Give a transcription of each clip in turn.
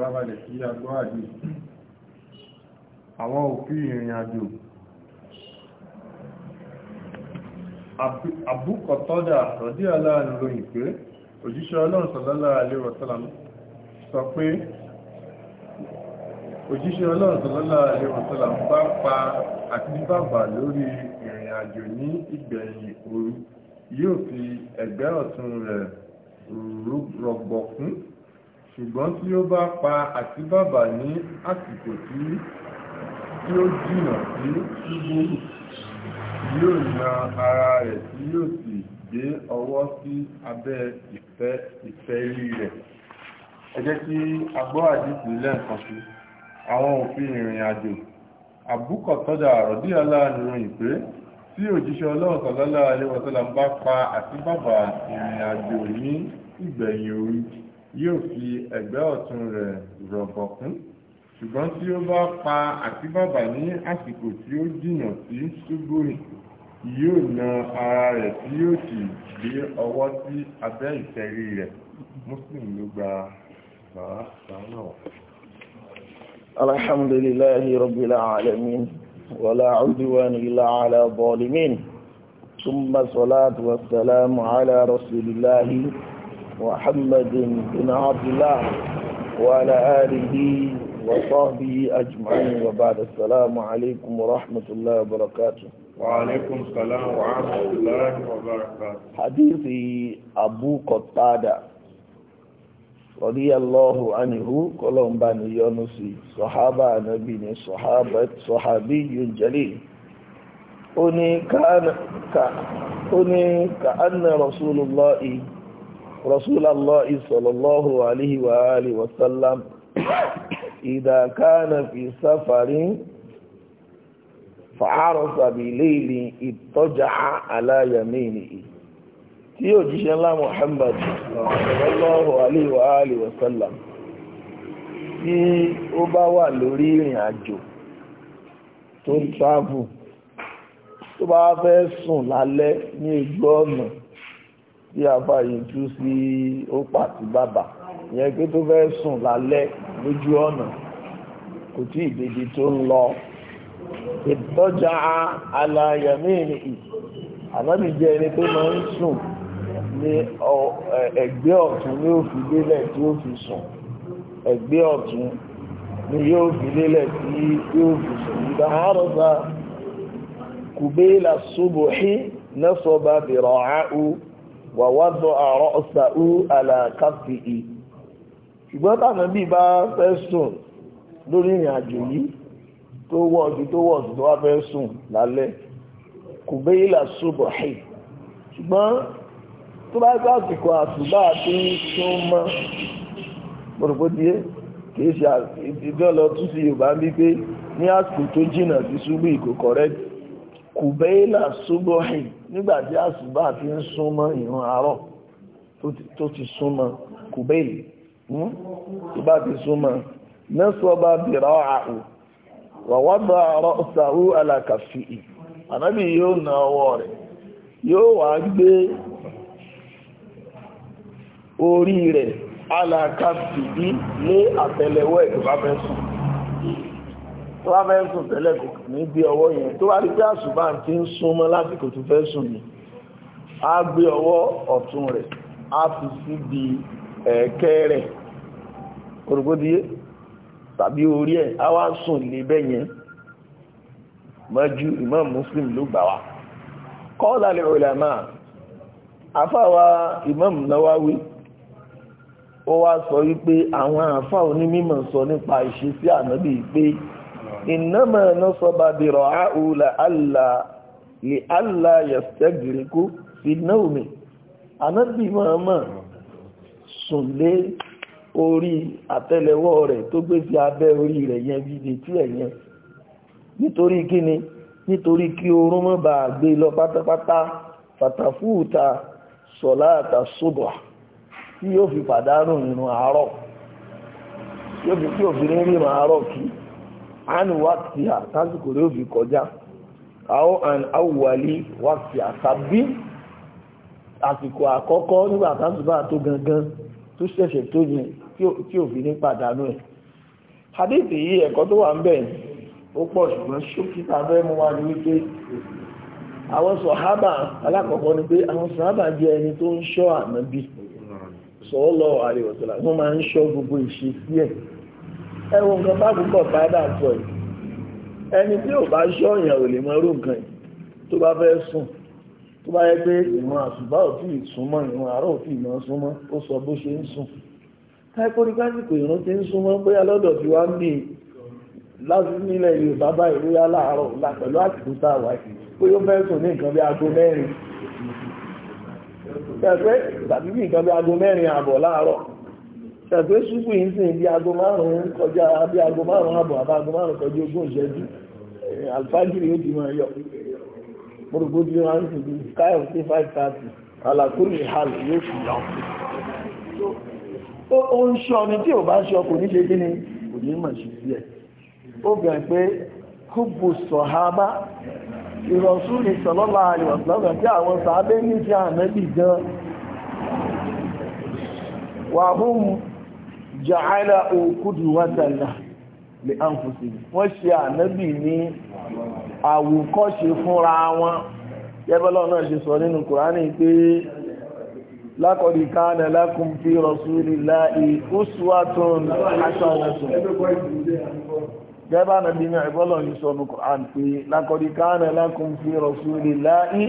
farabalẹ̀ sí agbọ́ àdé àwọn òfin ìrìn àjò àbúkọ̀tọ́dà rọ̀dí aláàrin ròyìn pé òjíṣẹ́ ọlọ́run sọ̀lọ́lá àlérọ̀tọ́lá sọ pé òjíṣẹ́ ọlọ́run sọ̀lọ́lá àlérọ̀tọ́lá bá pa àti bàbà lórí ìrìn àjò ní ìgbẹ̀yìn òru yóò fi ẹ̀gbẹ́ ọ̀tún rẹ̀ rọ̀gbọ̀kún ṣùgbọ́n tí ó bá pa àtíbàbà ní àsìkò tí ó jìnà sí ṣúgbórù yóò na ara rẹ̀ tí yóò sì gbé ọwọ́ sí abẹ́ ìfẹ́ rí rẹ̀ ẹ jẹ́ kí a gbọ́ àdìsí lẹ́ǹkan sí àwọn òfin ìrìn àjò àbúkọ̀tọ́dà àròdí aláàrùn pé tí òjíṣẹ́ ọlọ́run sọ̀lọ́lá alẹ́wọ̀sọ́lá ń bá pa àtíbàbà ìrìn àjò ní ìgbẹ̀yìn orí yóò fi ẹ̀gbẹ́ ọ̀tún rẹ̀ rọ̀bọ̀kún ṣùgbọ́n tí ó bá pa àtíbàbà ní àsìkò tí ó jìnnà sí ṣúgbóyìn yóò na ara rẹ̀ tí yóò sì gbé ọwọ́ sí abẹ́ ìtẹ̀rí rẹ̀ muslim ló gba bàbá náà. alhamdulillahi rabbil alamin wala udwana illa ala ثم صلاة والسلام على رسول الله محمد بن عبد الله وعلى آله وصحبه أجمعين وبعد السلام عليكم ورحمة الله وبركاته وعليكم السلام ورحمة الله وبركاته حديث أبو قطادة رضي الله عنه كلهم بني يونس صحابة نبي صحابة صحابي جليل أني كان كأن رسول الله rasulallah sallallahu alaihi wa alihi wa sallam إذا كان في سفر فعرس بليل اضطجع على يمينه tí òjíṣẹ́ ńlá Muhammad sallallahu alaihi wa alihi wa sallam tí ó bá wà lórí ìrìn àjò tó ń travel tó bá fẹ́ sùn lálẹ́ ní ojú ọ̀nà tí àfà yìí tú sí ó pàtí bàbà ìyẹn pé tó fẹ́ sùn lálẹ́ lójú ọ̀nà kò tí ìbejì tó ń lọ ìtọ́jà aláyẹ̀mí ìrìn ànábì jẹ́ ẹni tó máa ń sùn ní ẹgbẹ́ ọ̀tún ni ó fi lélẹ̀ tí ó fi sùn ẹgbẹ́ ọ̀tún ni yóò fi lélẹ̀ tí yóò fi sùn ìgbà àárọ̀ta kùbéèlà sóbòhí lẹ́sọ̀ọ́bà bẹ̀rọ̀ àáhù wà wádọ́ àrọ́ ọ̀sà ú àlàkáfì ì ṣùgbọ́n tàbí bí bá fẹ́ sùn lórí ìrìn àjò yìí tó wọ́ ọdún tó wọ́ ọdún tó wá fẹ́ sùn lálẹ́ kò béyí là sóbọ̀ ẹ̀ ṣùgbọ́n tó bá gbá àsìkò àsùbá tí ń sún mọ́ pòròpótíyé kìí ṣe ìdí sí Yorùbá ń bí pé ní àsìkò tó jìnnà sí ṣubú ìkòkọ̀rẹ́tì kùbẹ́ìlà ṣubọ́hìn nígbàtí àṣùbà ti ń súnmọ́ ìrun àárọ̀ tó ti súnmọ́ kùbẹ́ìlì tó ti súnmọ́ nẹ́sọ́bà bìrọ̀ àhù wàwádà ọ̀rọ̀ ṣàhú ànábì yóò na ọwọ́ rẹ̀ yóò wá gbé orí rẹ̀ alákàfì lé tó bá fẹ́ sùn tẹ́lẹ̀ kò ní ọwọ́ yẹn tó bá rí pé àṣùbà ti ń súnmọ́ lásìkò tó fẹ́ sùn ni á gbé ọwọ́ ọ̀tún rẹ̀ á fi síbi ẹ̀ẹ̀kẹ́ rẹ̀ kòrògbódìyé tàbí orí ẹ̀ á wá sùn lé bẹ́ẹ̀ yẹn mọ́jú Imam Muslim ló gbà wá kọ́ọ̀lá lè rọlẹ̀ Imam Nawawi ó wá sọ wípé àwọn àfáà onímọ̀ sọ nípa ìṣesí ànábì pé ìnámà nọ́sọ̀bà dìrọ̀ àhùlà àlà yẹ̀sẹ̀gìrìkú في náòmì anábì mọ́ọ̀mọ́ sùn lé orí àtẹ́lẹwọ́ rẹ̀ tó gbé sí abẹ́ orí rẹ̀ yẹn bíbi tí ẹ̀ yẹn nítorí kíni nítorí kí oorun má bàa gbé lọ pátápátá fàtàfúùta sọ̀lá àtàsóbà tí yóò fi pàdánù ìrun àárọ̀ yóò fi kí òfin rí ìrun àárọ̀ àánú wákìtì àtàsìkò ló fi an àwọn àn awùwàlí wákìtì àtàbí àsìkò àkọ́kọ́ nígbà tásùbà tó gangan tó ṣẹ̀ṣẹ̀ tó yẹn tí ò fi ní pàdánù ẹ̀ hadith yìí ẹ̀kọ́ tó wà ń bẹ̀ ó pọ̀ ṣùgbọ́n ṣókítà fẹ́ mú wa ní wípé àwọn sọ̀hábà alákọ̀ọ́kọ́ ni pé àwọn sọ̀hábà jẹ́ ẹni tó ń ṣọ́ ànábì sọ́ọ́lọ́ àríwọ̀tọ́lá wọ́n máa ń ṣọ́ gbogbo ìṣesí ẹ̀ ẹwọ nǹkan fábùkọ̀ fádà sọ yìí ẹni tí ò bá ṣọ́yàn ò lè mọ irú nǹkan yìí tó bá fẹ́ sùn tó bá yẹ pé ìwọn àṣùbá ò tí ì súnmọ́ ìwọn àárọ̀ ò tí ì mọ́ súnmọ́ ó sọ bó ṣe ń sùn táìpórí kásìkò ìrún ti ń súnmọ́ bóyá lọ́dọ̀ tí wá ń bì láti nílẹ̀ Yorùbá báyìí bóyá láàárọ̀ pẹ̀lú àsìkò tá a wà yìí bóyá ó fẹ́ sùn ní nǹkan bí aago mẹ́rin tẹ̀sẹ̀ tàbí bí nǹkan bí aago mẹ́rin ààbọ̀ láàárọ̀ ṣàpé ṣùkú yìí sìn bí aago márùn-ún kọjá bí aago márùn-ún àbọ̀ àbá aago márùn-ún kọjá ogún ìṣẹ́jú eh, alifájìrì ó ti máa yọ mọ̀rọ̀gbó bí wọ́n ti di sky of the five thirty alakuru ihal yóò fi yọ. ó ń ṣọ ni tí ò bá ṣọ kò ní ṣe kí ni kò ní mọ̀ sí sí ẹ̀ ó bẹ̀rẹ̀ pé kúbù sọ̀hábà ìrọ̀sùn ní sọ̀lọ́lá ìwọ̀sọ̀lọ́gbà tí àwọn sàábé ní ti àmẹ́bì gan-an jàáìlà òkúdù wátàlá lè àǹfòsì wọ́n ṣe ànábì ní àwòkọ́ṣe fúnra wọn yẹ́bẹ́lọ́ náà ṣe sọ nínú kùránì pé lákọ̀dí káàdà lakum fi rasulillahi uswatun hasanatun gẹ́bà nàbí ní ìbọ́lọ̀ ní sọ́nù kùránì pé lákọ̀dí káàdà lakum fi rasulillahi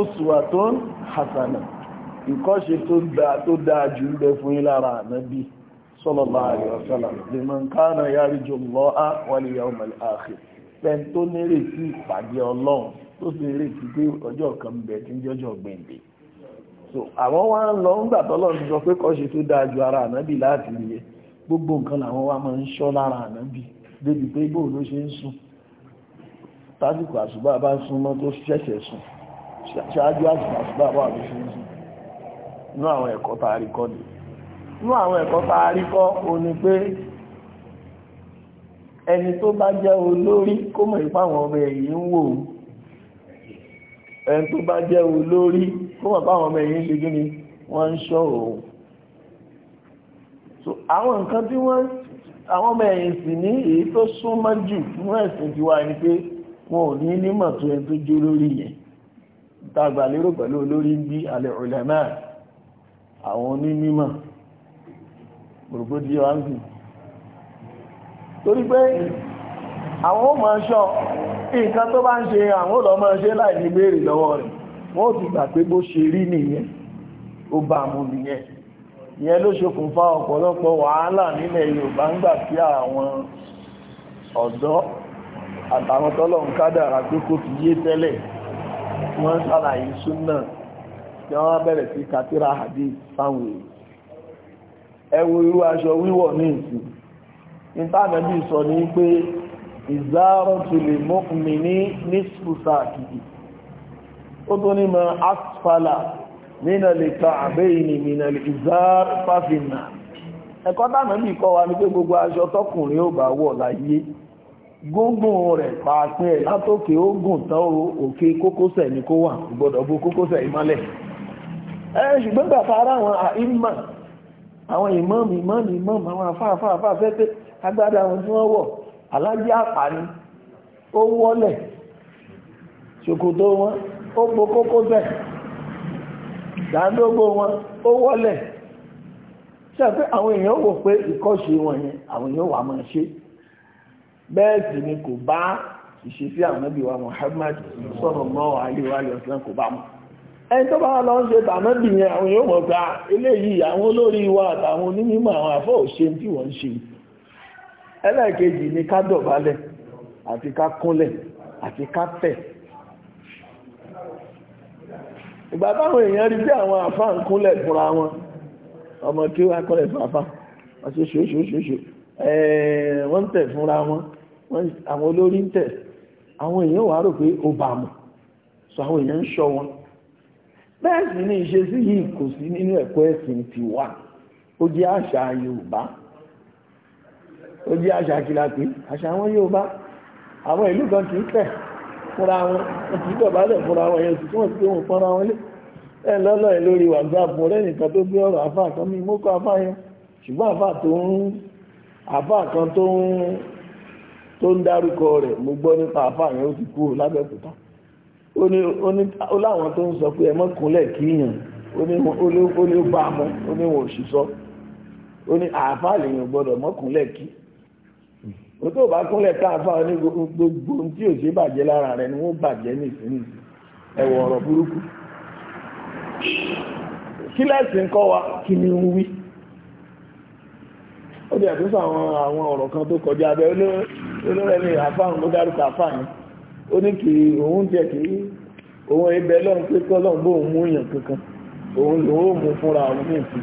uswatun hasanatun ìkọ́ṣe tó dáa jù ń bẹ fún yín lára ànábì sallallahu alaihi wasallam liman kana yarju Allaha wal yawmal akhir pẹ́ẹ́n tó nírètí ìpàdé ọlọ́run tó sì nírètí pé ọjọ́ kan bẹ̀ so àwọn wá ń lọ ńgbà tọ́lọ́run ti sọ pé kọ́ṣe tó dáa ju ara ànábì láti rí gbogbo nǹkan làwọn wá máa ń ṣọ́ lára ànábì débi pé bóò inú àwọn ẹ̀kọ́ tá a rí kọ́ o ni pé ẹni tó bá jẹ́ olórí kó mọ̀ ipá àwọn ọmọ ẹ̀yìn ń wò ẹni tó bá jẹ́ olórí kó mọ̀ ipá àwọn ọmọ ẹ̀yìn ṣe gíní wọ́n ń ṣọ́ òun so àwọn nǹkan tí wọ́n àwọn ọmọ ẹ̀yìn sì ní èyí tó súnmọ́ jù fún ẹ̀sìn tiwa ni pé wọn ò ní nímọ̀ tó ẹni tó jó lórí yẹn tá a gbà lérò pẹ̀lú olórí bí alẹ́ òlẹ́mẹ́ àwọn onímọ̀ gbòrògbòdì yóò ń sìn torí pé àwọn ò mọ̀ ṣọ́ nǹkan tó bá ń ṣe àwọn òlọ́ mọ̀ ṣe láì ní béèrè lọ́wọ́ rẹ̀ wọ́n ti gbà pé bó ṣe rí nìyẹn ó bá mú nìyẹn ìyẹn ló ṣokùnfà ọ̀pọ̀lọpọ̀ wàhálà nílẹ̀ Yorùbá ń gbà sí àwọn ọ̀dọ́ àtàwọn tọ́lọ̀ ń kádàrà pé fi yé tẹ́lẹ̀ wọ́n ṣàlàyé súnà tí wọ́n bẹ̀rẹ̀ sí sáwọn èèyàn ẹ irú aṣọ wíwọ̀ ní ìsìn ìtànàbí sọ ní pé ìzárọ̀tù lè mọ́kùnmí ní nísùsà kìí ó tó ní ma asfala nínà lè ka àbẹ́ ìní lè ìzár pàfinà ẹ̀kọ́ tànàbí ní pé gbogbo aṣọ tọkùnrin ó bá láyé gúngùn rẹ̀ pàápín ẹ̀ òkè kókósẹ̀ ní kó wà gbọ́dọ̀ kókósẹ̀ ẹ̀ ṣùgbọ́n àwọn ìmọ̀mù ìmọ̀mù ìmọ̀mù àwọn afáàfáà fẹ́ pé agbádá wọn tí wọ́n wọ̀ alájí àpá ni ó wọ́lẹ̀ ṣòkòtò wọn ó po kókó bẹ̀ dáńdógó wọn ó wọ́lẹ̀ ṣe pé àwọn èèyàn wò pé ìkọ́ṣe wọn yẹn àwọn èèyàn wà máa ṣe bẹ́ẹ̀ sì ni kò bá ìṣesí àwọn ẹbí wa Muhammad sallallahu alaihi wa sallam kò bá mọ̀ ẹni tó bá lọ ń ṣe tànábì yẹn àwọn yóò mọ̀ ká ah, eléyìí àwọn olórí wa àtàwọn onímọ̀ àwọn àfọ́ òṣe tí wọ́n ń ṣe ẹlẹ́ẹ̀kejì ni ká dọ̀bálẹ̀ àti ká kúnlẹ̀ àti ká tẹ̀ ìgbà táwọn èèyàn rí bí àwọn àfá ń kúnlẹ̀ fúnra wọn ọmọ kí wá kúnlẹ̀ fún àfá wọ́n ṣe ṣoṣoṣoṣo wọ́n ń tẹ̀ fúnra wọn àwọn olórí ń tẹ̀ àwọn èèyàn wá rò pé ó bàmù so àwọn èèyàn ń ṣọ́ wọn bẹ́ẹ̀ sì ni ìṣesí yìí kò sí nínú ẹ̀kọ́ ẹ̀sìn tiwa ó jẹ́ àṣà Yorùbá ó jẹ́ àṣà kìlápé àṣà àwọn Yorùbá àwọn ìlú kan kì í tẹ̀ fúnra wọn kì í dọ̀bálẹ̀ fúnra wọn yẹn sì tí wọ́n ti pé wọn fúnra wọn lé ẹ lọ́lọ́ ẹ lórí WhatsApp ọ̀rẹ́ nìkan tó gbé ọ̀rọ̀ àfáà kan mi mọ́kọ́ àfáà yẹn ṣùgbọ́n àfáà tó ń àfáà kan tó ń dárúkọ rẹ̀ mo gbọ́ nípa àfáà yẹn ó ti kúrò lábẹ́kúta ó láwọn tó ń sọ pé ẹmọ́kúnlẹ̀ kíyàn ó ní ó bá mọ́ ó ní wọn òṣìṣọ́ ó ní àáfà lèyàn gbọ́dọ̀ mọ́kúnlẹ̀ kí ó tó bá kúnlẹ̀ káàfà ó ní gbogbo tí ò ṣe bàjẹ́ lára rẹ̀ ni wọ́n bàjẹ́ nìsín ẹ̀wọ̀ ọ̀rọ̀ burúkú kí kọ́ wa kí ni ń wí ó dẹ̀ tún sọ àwọn ọ̀rọ̀ kan tó kọjá abẹ́ olóòrẹ́ ní àfáà ń mú ó ní kì í òun jẹ́ kì í òun ibẹ̀ lọ́n pé kọ́lọ́n bó kankan òun lòun ó mú fúnra òun ní ìsìn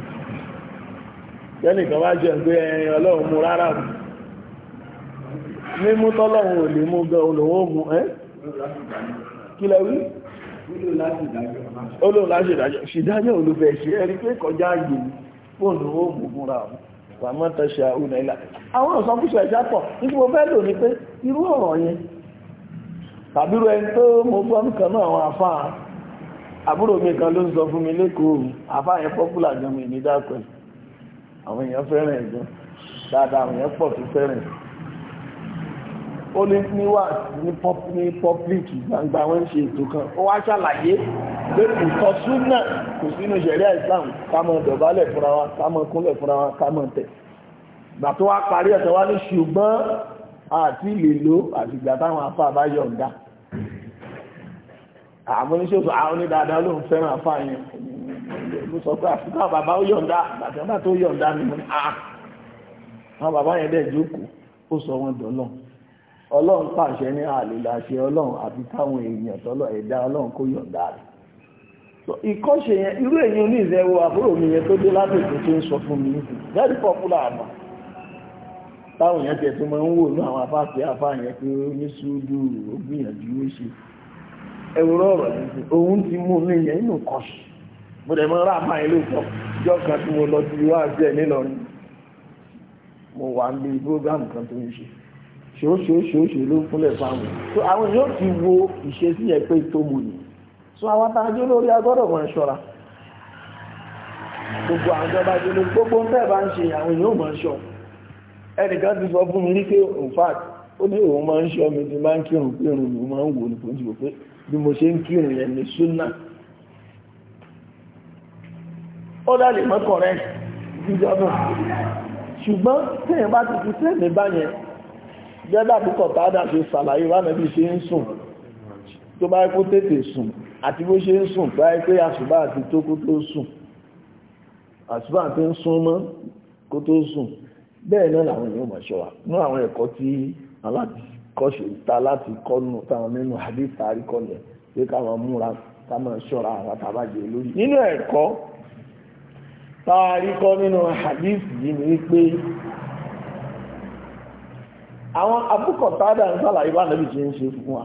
jẹ́nìkan wá jẹ́ pé ẹ̀yìn ọlọ́run mú rárá mú mímú tọ́lọ́run ò lè mú gan o mú ẹ́ kí lẹ wí olóòrùn láti ìdájọ́ olùfẹ́ ṣe ẹni pé kọjá mú fúnra òun àwọn ọ̀sán yẹn tàbírò ẹni tó mo gbọ́ nìkan náà àwọn àfáà àbúrò mi kan ló ń sọ fún mi lẹ́kọ̀ọ́ àfáà yẹn pọ́pùlà gan mi ní dákọ̀ àwọn èèyàn fẹ́ràn ẹ̀gbọ́n dáadáa àwọn èèyàn pọ̀ tó fẹ́ràn ó ní níwà ní pọ́pìlìkì gbangba wọ́n ń ṣe ètò kan ó wá ṣàlàyé pé kò tọ́ súnà kò sínú ṣẹ̀ríà Islam ká dọ̀bálẹ̀ fúnra wa ká kúnlẹ̀ fúnra wa ká tẹ̀ gbà tó wá parí ẹ̀sẹ̀ wá ní ṣùgbọ́n àti lè lò àtìgbà táwọn afá bá yọ̀ǹda àmọ́ oníṣẹ́ òṣù àwọn onídàáda ló ń fẹ́ràn àfààyàn mo sọ pé àfikún bàbá ó yọ̀ǹda àti bàbá tó yọ̀ǹda ni mo ní à ah! àwọn bàbá yẹn dẹ̀ jókòó ó sọ wọn dọ̀lọ́ ọlọ́run pàṣẹ ní àlè làṣẹ ọlọ́run àbí táwọn èèyàn tọ́lọ̀ ẹ̀dá ọlọ́run kó yọ̀ǹda rẹ̀ ìkọ́ṣe yẹn irú èyí oníṣẹ́wò àbúrò mi yẹn tó dé lábẹ́kẹ̀ tó ń sọ fún mi very popular àmà táwọn èèyàn tẹ̀ tó máa ń wò ní àwọn afáàfẹ́ afáàyàn pé ó ní sùúrù ó gbìyànjú ó ṣe ẹ̀wùrọ̀ ọ̀rọ̀ lẹ́sí òun ti mú mi yẹn inú kọ́ṣù mo dẹ̀ mọ́ rà máa ilé ìtọ́ jọ́ kan tí mo lọ sí iwá àti nílọrin mo wà ń bí kan tó ń ṣe ṣòṣòṣòṣò ló fúnlẹ̀ fáwọn so àwọn yóò ti wo ìṣesí ẹ̀ pé tó mu yìí so àwọn atajó lórí agbọ́dọ̀ wọn ṣọ́ra gbogbo àwọn ìjọba ìjọba gbogbo ń bẹ́ẹ̀ bá ń ṣe àwọn yóò máa ṣọ́ ẹnìkan ti sọ fún mi ní pé in ó ní òun máa ń ṣọ́ mi ti máa ń kírun pé irun mi máa ń wò ní pé bí mo ṣe ń kírun yẹn ní súnà ó dá lè mọ́kọ̀ rẹ̀ jíjọ́nà ṣùgbọ́n tẹ́yìn bá ti fi sẹ́ẹ̀mì báyẹn jẹ́dà púpọ̀ tààdà fi sàlàyé wà náà bí ṣe ń sùn tó bá kó tètè sùn àti bó ṣe ń sùn tó bá pé àṣùbà àti tó kó tó sùn àṣùbà àti ń sún mọ́ kó tó sùn bẹ́ẹ̀ náà làwọn èèyàn mọ̀ ṣọ́wà ní àwọn ẹ̀kọ́ tí aláàbí kọ́ṣe ta láti kọ́nu táwọn nínú hadith àríkọ́ yẹn pé káwọn múra táwọn ṣọ́ra àwọn tàbájẹ́ lórí nínú ẹ̀kọ́ táwọn àríkọ́ nínú hadith yìí ni wípé àwọn abúkọ̀tádà ń sàlàyé bá nàbí ṣe ń ṣe fún wa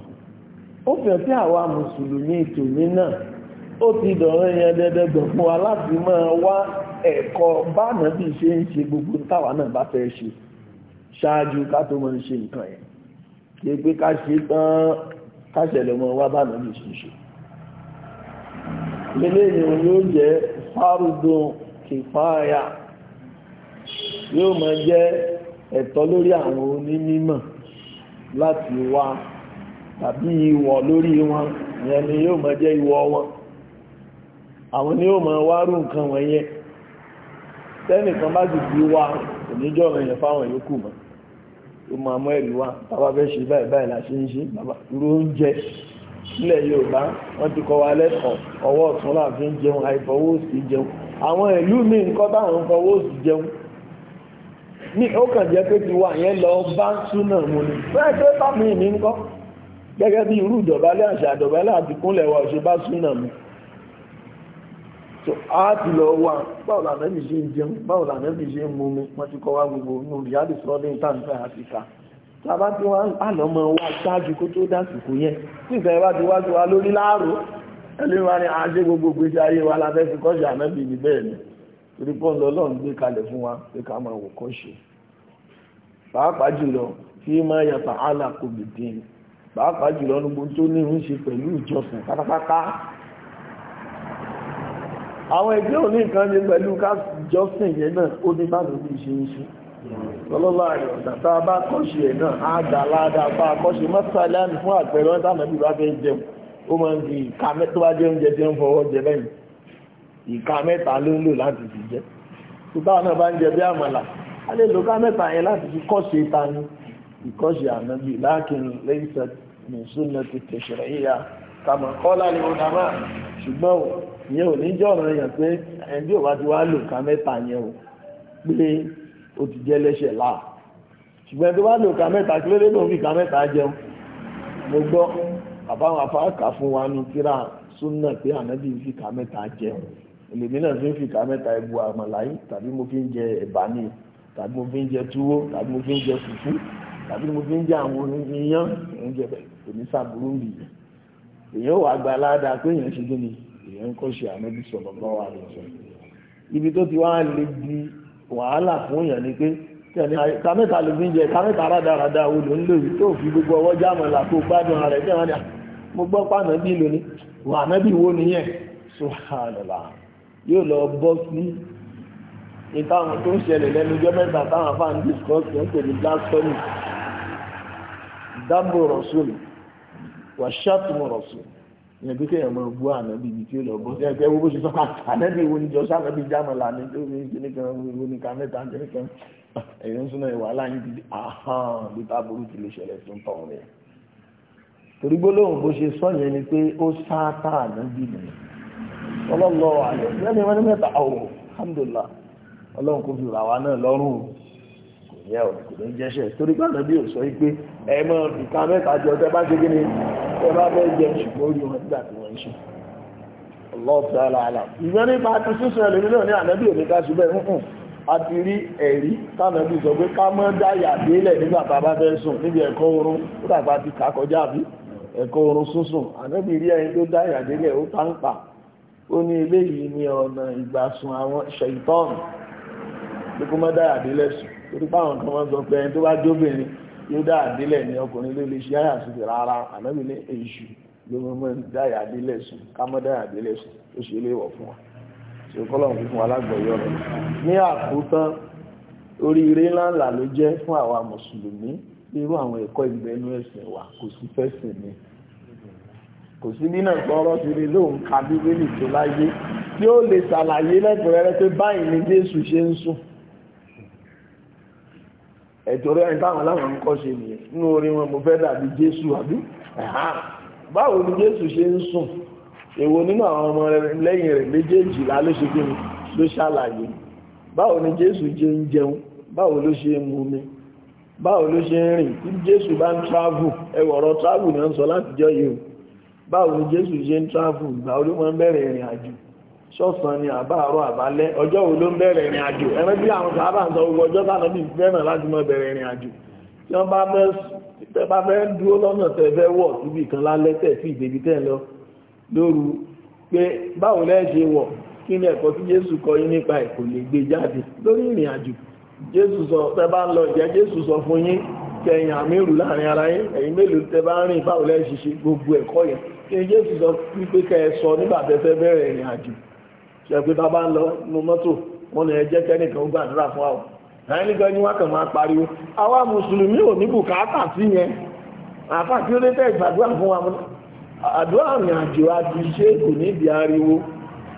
ó fẹ́ sí àwa mùsùlùmí tòní náà ó ti dọ̀rọ̀ yẹn dẹ́dẹ́gbẹ̀ fún wa láti máa wá ẹ̀kọ́ bá nàbí ṣe ń ṣe gbogbo táwa náà bá fẹ́ ṣe ṣáájú ká tó máa ń ṣe nǹkan yẹn kí pé ká ṣe tán káṣẹ̀lẹ̀ mọ́ wá bá nàbí ṣíṣe lélẹ́ ìrìn yóò jẹ́ fárúdùn kìfáàyà yóò máa jẹ́ ẹ̀tọ́ lórí àwọn onímọ̀ láti wá tàbí ìwọ̀ lórí wọn ìyẹn ni yóò máa jẹ́ ìwọ̀ wọn àwọn ni yóò máa wárú nǹkan wọ̀nyẹn tẹ́nìkan bá sì fi wá oníjọ́ rẹ̀ yẹn fáwọn yòókù mọ́ ó máa mọ́ ẹ̀rí wá bàbá fẹ́ ṣe báyìí báyìí la ṣe ń ṣe bàbá irú oúnjẹ nílẹ̀ yorùbá wọ́n ti kọ́ wa lẹ́kọ̀ọ́ ọwọ́ ọ̀tún là fi ń jẹun àìfọwọ́ òsì jẹun àwọn ìlú míì ń kọ́ táwọn ń fọwọ́ òsì jẹun ní ó kàn jẹ́ pé ti wà yẹn lọ bá súnà mu ni bẹ́ẹ̀ pé bá mi ní ń kọ́ gẹ́gẹ́ bí irú ìdọ̀bálẹ̀ àṣà ìdọ̀bálẹ̀ àti kúnlẹ̀ wa ò so a ti lọ wá báwo la nẹ́bí ṣe ń jẹun báwo la nẹ́bí ṣe ń mumi wọ́n ti kọ́ wá gbogbo ní olùyàdì sọ́ọ́dún ìtàǹfẹ́ àfíkà tàbá tí wọ́n àlọ́mọ wá ṣáájú kó tó dásìkò yẹn tí ìfẹ́ bá ti wá sí wa lórí láàrú ẹlẹ́yìn wa ni a ṣe gbogbo gbèsè ayé wa la fẹ́ fi kọ́ṣe ànẹ́bí ní bẹ́ẹ̀ ni torí pọ́n lọ́lọ́run gbé kalẹ̀ fún wa pé ká máa wò kọ́ṣe pàápàá jùlọ tí máa yàtọ̀ àlàkò pàápàá jùlọ ní gbogbo tó ní ń ṣe pẹ̀lú ìjọsìn pátápátá àwọn ẹgbẹ́ òní nǹkan ní pẹ̀lú jọ́sìn yẹn náà ó ní bá lórí ṣe ń ṣe lọ́lọ́lá rẹ̀ ọ̀dàtà bá kọ́ṣe ẹ̀ náà á dà ládàá bá kọ́ṣe mọ́sálẹ́ àmì fún àpẹẹrẹ wọn dáná bí bá fẹ́ jẹun ó máa ń fi ìka mẹ́ta bá jẹ́ oúnjẹ tí ó ń fọwọ́ jẹ lẹ́yìn ìka mẹ́ta ló ń lò láti fi jẹ ṣùgbọ́n náà bá ń jẹ bí àmàlà a lè lo ká mẹ́ta yẹn láti fi kọ́ṣe ta ni ìkọ́ṣe ànábì láàkín lẹ́yìn sẹ́ni ìyẹn ò ní jọ̀ràn yàn pé ẹni tí ò bá ti wá lò ká mẹ́ta yẹn o pé ó ti jẹ́ lẹ́sẹ̀ láà ṣùgbọ́n tó bá lò ká mẹ́ta kí ló ń fi ká mẹ́ta jẹun mo gbọ́ àbáwọn afáàkà fún wa nu kíra súnà pé ànábì fi ká mẹ́ta jẹun èlèmí náà fi ń fi ká mẹ́ta ẹbu àmàláyé tàbí mo fi ń jẹ ẹ̀bà ni tàbí mo fi ń jẹ túwó tàbí mo fi ń jẹ fùfú tàbí mo fi ń jẹ àwọn iyán oúnjẹ bẹ̀ kò ní sàbúrú nìyẹn èèyàn wà gba aládàá pé èèyàn ṣe kí ni èèyàn ń kọ́ ṣe ànábì sọ̀rọ̀ bá wà lọ́sọ̀ ibi tó ti wá lè di wàhálà fún èèyàn ni pé ta mẹ́ta ló fi ń jẹ ta mẹ́ta rádaràda wo ló ń lò yìí tó fi gbogbo ọwọ́ jáàmù là kó gbádùn ara ẹ̀ tẹ́wọ́n ni mo gbọ́ pa ànábì lónìí wà ànábì wo nìyẹn subhanallah yóò lọ bọ́ sí ìtàwọn tó ń ṣẹlẹ̀ lẹ́nu ọjọ́ mẹ́ta táwọn afáà ń discuss ń pè ní blasphemy dábò rọ̀ṣùlù wàṣàtúmọ̀ rọ̀ṣùlù yẹn pé kéèyàn máa bú ànábì ibi tí ó lọ bó ṣe ẹgbẹ́ owó bó ṣe sọ ànábì wo ni jọ́sọ́ ànábì jámọ̀ lànà tó fi kíní kan wo ni ká mẹ́ta kíní kan èyí súná ìwà láyé ti di ahán bí táburú ti lè ṣẹlẹ̀ tó ń tọ̀ rẹ̀. torí gbólóhùn bó ṣe sọ yẹn ni pé ó sáátá ànábì nìyẹn ọlọ́lọ́ àlẹ́ ìyá mi wọ́n ní mẹ́ta ọ̀hún alhamdulillah ọlọ́run kò fi rà wá náà lọ́rùn ìyá ò kò ní jẹ́ṣẹ̀ torí gbàgbọ́ bí ò sọ pé ẹ mọ́ ìka mẹ́ta jọ tẹ bá ṣe kí ni ẹ bá fẹ́ jẹ ṣùgbọ́n orí wọn nígbà tí wọ́n ń ṣe ọlọ́ọ̀tà àlàálà ìgbọ́n nípa ti sísun ẹlòmí náà ní ànábì òní ká ṣubẹ̀ hùn a ti rí ẹ̀rí tánàbì sọ pé ká mọ́ dáyà délẹ̀ nígbà tá a bá fẹ́ sùn níbi ẹ̀kọ́ oorun ó dàgbà ti kà kọjá àbí ẹ̀kọ́ oorun sísun ànábì rí ẹni tó dáyà délẹ̀ ó tá ń pa ó ní eléyìí ní ọ̀nà ìgbàsùn àwọn ṣèyítọ́ọ̀nù pé kó mọ́ dáyà délẹ̀ sùn torí báwọn kan máa ń sọ pé ẹni tó bá jóbìnrin yóò dá àdílẹ̀ ní ọkùnrin ló lè ṣe àyà sùn rárá ànábì ní èṣù ló mọ́ ń dáyà àdílẹ̀ sùn ká mọ́ dáyà àdílẹ̀ sùn ó ṣe léèwọ̀ fún wa ṣe kọ́lọ̀ fún fún alágbọ̀yọ́ rẹ̀ ní àkótán oríire ńláńlá ló jẹ́ fún àwa mùsùlùmí irú àwọn ẹ̀kọ́ ìgbẹ́nu ẹ̀sìn wa kò sí fẹ́sìn ni kò sí nínà gbọ́rọ́ sí rí lóun ka bíbélì tó láyé tí ó lè ṣàlàyé lẹ́kùnrẹ́rẹ́ pé báyìí ni Jésù ṣe ń sùn ẹ̀tọ́rẹ́ ẹni táwọn aláwọn ń kọ́ ṣe nìyẹn nínú orin wọn mo fẹ́ dàbí jésù àbí báwo ni jésù ṣe ń sùn èwo nínú àwọn ọmọ rẹ̀ lẹ́yìn rẹ̀ méjèèjìlá ló ṣe kí ni ló ṣàlàyé báwo ni jésù ṣe ń jẹun báwo ló ṣe ń mumi báwo ló ṣe ń rìn tí jésù bá ń travel ẹwọ̀rọ̀ travel ni wọ́n sọ látijọ́ yìí báwo ni jésù ṣe ń travel ìgbà olómọ bẹ̀rẹ̀ ìrìn àjò ṣọ̀sán ni àbáàrọ̀ àbálẹ́ ọjọ́ wo ló ń bẹ̀rẹ̀ ìrìn àjò ẹ̀rẹ́ bí àwọn sábà ń sọ gbogbo ọjọ́ sáà bí fẹ́ràn láti mọ bẹ̀rẹ̀ ìrìn àjò tí wọ́n bá fẹ́ tẹ́ bá fẹ́ dúró lọ́nà tẹ́ fẹ́ wọ̀ síbi kan lálẹ́ tẹ́ sí ìdèbí tẹ́ lọ lóru pé báwo lẹ́ ṣe wọ̀ kí ni ẹ̀kọ́ tí Jésù kọ́ yín nípa ẹ̀ kò lè gbé jáde lórí ìrìn àjò Jésù sọ tẹ́ bá ń lọ ìjẹ́ Jésù sọ fún yín kẹyìn àmírù láàrin ara yín ẹ̀yin mélòó tẹ́ bá ń rìn báwo lẹ́ ṣe ṣe gbogbo ẹ̀kọ́ yẹn kí ni Jésù sọ wípé kẹ́ ẹ sọ nígbà tẹ́ fẹ́ bẹ̀rẹ̀ ìrìn àjò ṣẹ̀pẹ́ tá bá ń lọ nu mọ́tò wọn lè jẹ́ kẹ́nìkan ó gbàdúrà fún àwọn ẹ̀yìn nìkan ni wọ́n máa pariwo àwa mùsùlùmí ò ní bùkátà sí yẹn àfà ó lé tẹ́ ìgbàdúrà fún wa àdúrà àrìn àjò àti iṣẹ́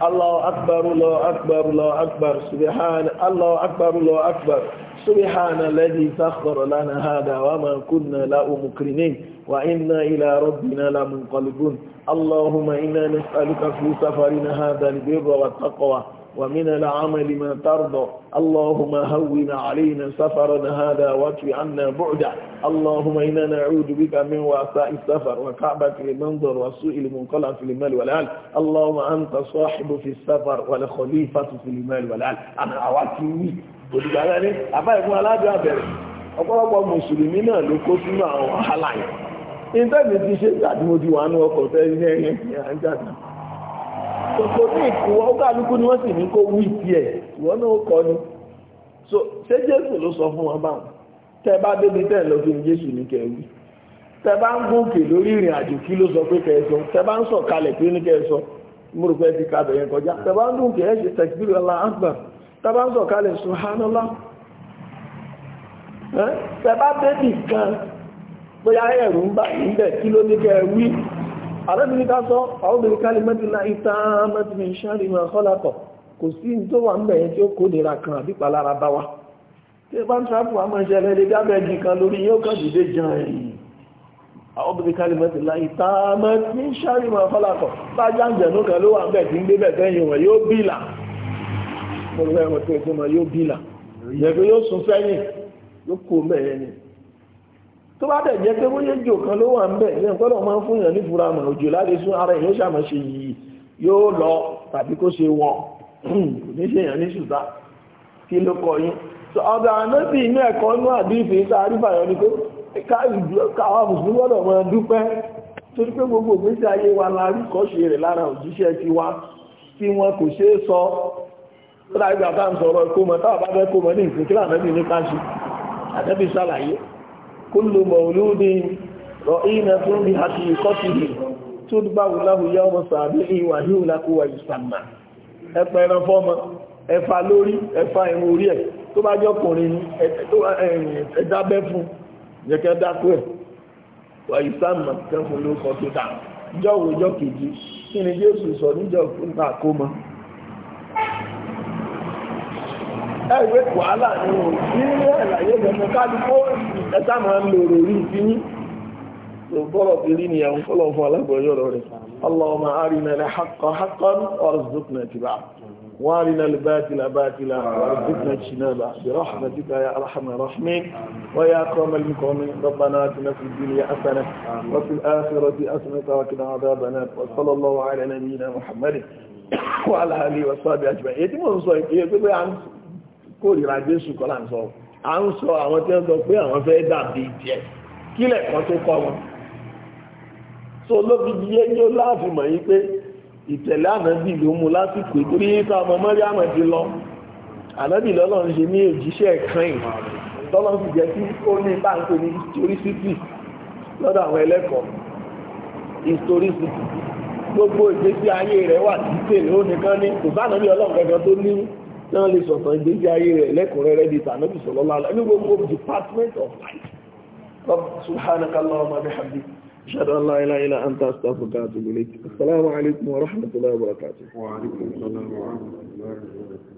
الله أكبر الله أكبر الله أكبر سبحان الله أكبر الله أكبر سبحان الذي سخر لنا هذا وما كنا لا مكرمين وإنا إلى ربنا لمنقلبون اللهم إنا نسألك في سفرنا هذا البر والتقوى ومن العمل ما ترضى اللهم هون علينا سفرنا هذا واتو عنا بعدا اللهم إنا نعوذ بك من وعثاء السفر وكعبة المنظر وسوء المنقلع في المال والآل اللهم أنت صاحب في السفر ولخليفة في المال والآل أنا أعواتي ودقالني أبا يكون على جابر ọ̀pọ̀lọpọ̀ mùsùlùmí náà ló kó sínú àwọn wàhálà yìí. ìtẹ́ẹ̀mì ti ṣe ìgbàdí mo ti wà kò ní ìkúwọ́ ó kálukú ni wọ́n sì ní kó wí tiẹ̀ ìwọ náà kọ́ ni so ṣé jésù ló sọ fún wọn báwọn tẹ bá débi tẹ lọ fún jésù ní kẹ wí tẹ bá ń gòkè lórí ìrìn àjò kí ló sọ pé kẹ sọ tẹ bá ń sọ kalẹ̀ pé ní kẹ sọ mo rò pé ẹ ti ka bẹ̀yẹn kọjá tẹ bá ń dùn ẹ ṣe tẹkbírù Allahu akbar tẹ bá ń sọ kalẹ̀ subhanallah tẹ bá débi kan bóyá ẹ̀rù ń bà níbẹ̀ kí ló ní kẹ wí arábìnrin ká sọ ọ̀bìnrin kálímẹ́tìlá ìta mẹ́tìmí ṣáàrì máa kọ́lákọ̀ kò sí tó wà ń bẹ̀yẹn tí ó kó nira kan àbí palára bá wa tí ẹ bá ń trapu àmọ́ ìṣẹ̀lẹ̀ lè dábẹ́ẹ̀gì kan lórí yóò kàn dìde jan ẹ̀yìn ọ̀bìnrin kálímẹ́tìlá ìta mẹ́tìmí ṣáàrì máa kọ́lákọ̀ bá jáǹjẹ̀ nù kan ló wà ń bẹ̀ tí ń gbé bẹ̀ tẹ́yìn wọn yóò bìlà mo rẹ̀ wọ́n tó tó bá dẹ̀ jẹ́ pé bóyá jò kan ló wà ń bẹ̀ ní ọ̀pẹ́ náà máa ń fún yàn ní fura mọ̀ òjò láti sún ara èèyàn ṣàmọ̀ ṣe yìí yóò lọ tàbí kó ṣe wọ̀n kò ní ṣe yàn ní ṣùtá kí ló kọ yín ọ̀dà ànábì inú ẹ̀kọ́ inú àdífẹ́ ìta àríbàyàn ni pé káwa mùsùlùmí gbọ́dọ̀ máa dúpẹ́ torí pé gbogbo ìgbésí ayé wa la rí kọ́ṣe rẹ̀ lára òjíṣẹ́ ti wa tí wọn kò ṣe é sọ ó dàgbà bá ń sọ̀rọ̀ ìkómọ táwọn bá fẹ́ kómọ ní ìsìnkí lànàbì ní káṣí àtẹ́bí ṣàlàyé كل مولود رئينة بحقيقته تتبع له يوم صابعه ويهلك ويسمى ẹ̀pẹ̀ ẹran fọ́mọ ẹfà lórí ẹfà ìwò orí ẹ̀ tó bá jọ́ sọ ẹ̀wé wàhálà ni o ní àlàyé ìgbẹ̀mọ̀ kálukú ẹ̀ta máa ń lòrò rí ìfíní bọ́lọ̀ ti rí nìyà ń fọ́lọ̀ alágbọ̀yọ́rọ̀ rẹ̀ allahumma arina lè haqqan haqqan warzuqna tibà وارنا الباطل باطلا وارزقنا اجتنابه برحمتك يا ارحم الراحمين ويا اكرم المكرمين ربنا اتنا في الدنيا حسنه وفي الاخره حسنه وقنا عذاب النار وصلى الله على نبينا محمد وعلى اله وصحبه اجمعين kórìíra Jésù kọ́ là ń sọ à ń sọ àwọn tí wọ́n sọ pé àwọn fẹ́ dàbí tiẹ̀ kílẹ̀ kan tó kọ́ wọn so lóbìbí yẹjọ́ láàfin mọ̀ yìí pé ìtẹ̀lé ànábì ló mú lásìkò ìtorí yíká ọmọ mọ́rí àmọ̀dé lọ ànábì lọ́lọ́ ń ṣe ní òjíṣẹ́ kan ìmọ̀ tọ́lọ́ sì jẹ́ kí ó ní báńkò ní historicity lọ́dọ̀ àwọn ẹlẹ́kọ̀ọ́ historicity gbogbo ìgbésí ayé rẹ̀ wà títè lónìí kan ní kò bá ànábì ọlọ́run kankan tó ní náà lè sọ̀tàn ìgbésí ayé rẹ̀ lẹ́kùnrẹ́rẹ́ di tànàbì sallallahu alaihi ní gbogbo department of life subhanaka allahumma wa bihamdika anta astaghfiruka wa assalamu alaikum wa rahmatullahi wa barakatuh